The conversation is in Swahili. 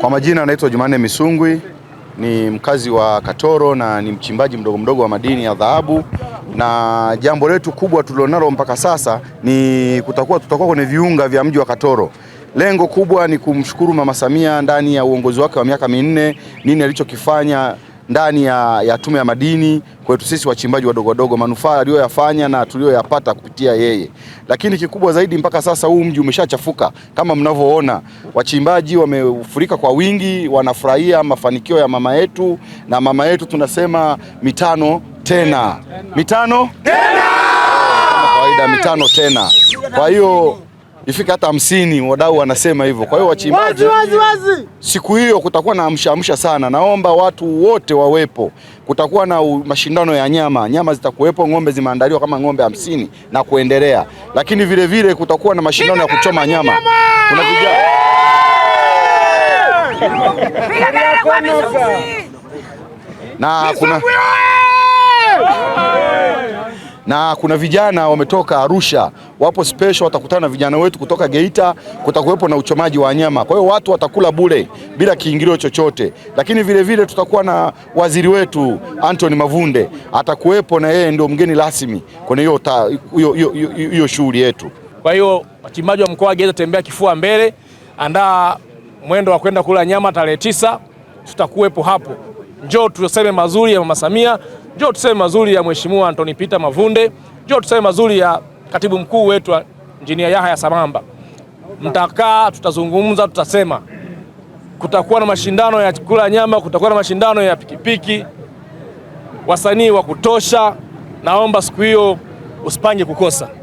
Kwa majina anaitwa Jumanne Misungwi, ni mkazi wa Katoro na ni mchimbaji mdogo mdogo wa madini ya dhahabu, na jambo letu kubwa tulilonalo mpaka sasa ni kutakuwa tutakuwa kwenye viunga vya mji wa Katoro. Lengo kubwa ni kumshukuru Mama Samia ndani ya uongozi wake wa miaka minne, nini alichokifanya ndani ya, ya Tume ya Madini kwetu sisi wachimbaji wadogo wadogo, manufaa aliyoyafanya na tuliyoyapata kupitia yeye. Lakini kikubwa zaidi, mpaka sasa huu mji umeshachafuka kama mnavyoona, wachimbaji wamefurika kwa wingi, wanafurahia mafanikio ya mama yetu, na mama yetu tunasema mitano tena, mitano tena, kawaida mitano tena, kwa hiyo ifika hata hamsini, wadau wanasema hivyo. Kwa hiyo wachimbaji, siku hiyo kutakuwa na amshaamsha sana. Naomba watu wote wawepo. Kutakuwa na mashindano ya nyama, nyama zitakuwepo, ng'ombe zimeandaliwa kama ng'ombe hamsini na kuendelea, lakini vile vile kutakuwa na mashindano ya kuchoma nyama. Kuna vijana na kuna na kuna vijana wametoka Arusha, wapo special, watakutana na vijana wetu kutoka Geita. Kutakuwepo na uchomaji wa nyama, kwa hiyo watu watakula bure bila kiingilio chochote, lakini vile vile tutakuwa na waziri wetu Anthony Mavunde atakuwepo, na yeye ndio mgeni rasmi kwenye hiyo hiyo shughuli yetu. Kwa hiyo wachimbaji wa mkoa wa Geita, tembea kifua mbele, andaa mwendo wa kwenda kula nyama tarehe tisa, tutakuwepo hapo. Njoo tuseme mazuri ya Mama Samia njoo tuseme mazuri ya Mheshimiwa Anthony Peter Mavunde, njoo tuseme mazuri ya katibu mkuu wetu Injinia Yahya Samamba. Mtakaa, tutazungumza, tutasema. Kutakuwa na mashindano ya kula nyama, kutakuwa na mashindano ya pikipiki, wasanii wa kutosha. Naomba siku hiyo usipange kukosa.